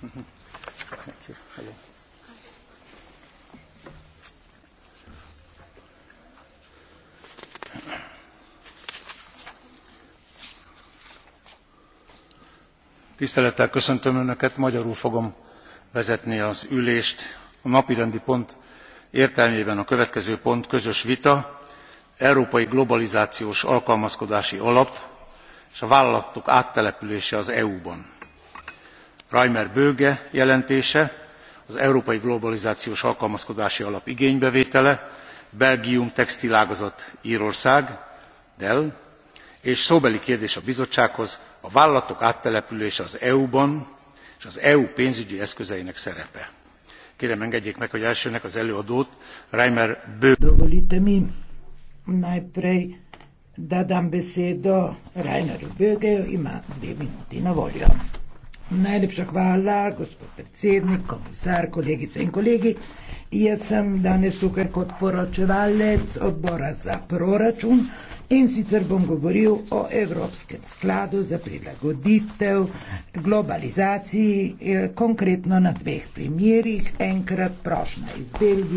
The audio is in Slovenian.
Thank you. Hello. Tisztelettel köszöntöm Önöket, magyarul fogom vezetni az ülést. A napi rendi pont értelmében a következő pont közös vita, Európai Globalizációs Alkalmazkodási Alap és a vállalatok áttelepülése az EU-ban reimer böge jelentése az európai globalizációs alkalmazkodási alap igénybevétele belgium textilágazat rország dell és szóbeli kérdés a bizottsághoz a vállalatok áttelepülése az eu ban és az eu pénzügyi eszközeinek szerepe. kérem engedjék meg hogy elsőnek az előadót reimer böge najprej da dam besedo Rainerju Böge, ima dve minuti na voljo. Najlepša hvala, gospod predsednik, komisar, kolegice in kolegi. Jaz sem danes tukaj kot poročevalec odbora za proračun in sicer bom govoril o Evropskem skladu za prilagoditev globalizaciji, eh, konkretno na dveh primerjih, enkrat prošnja iz Belgije.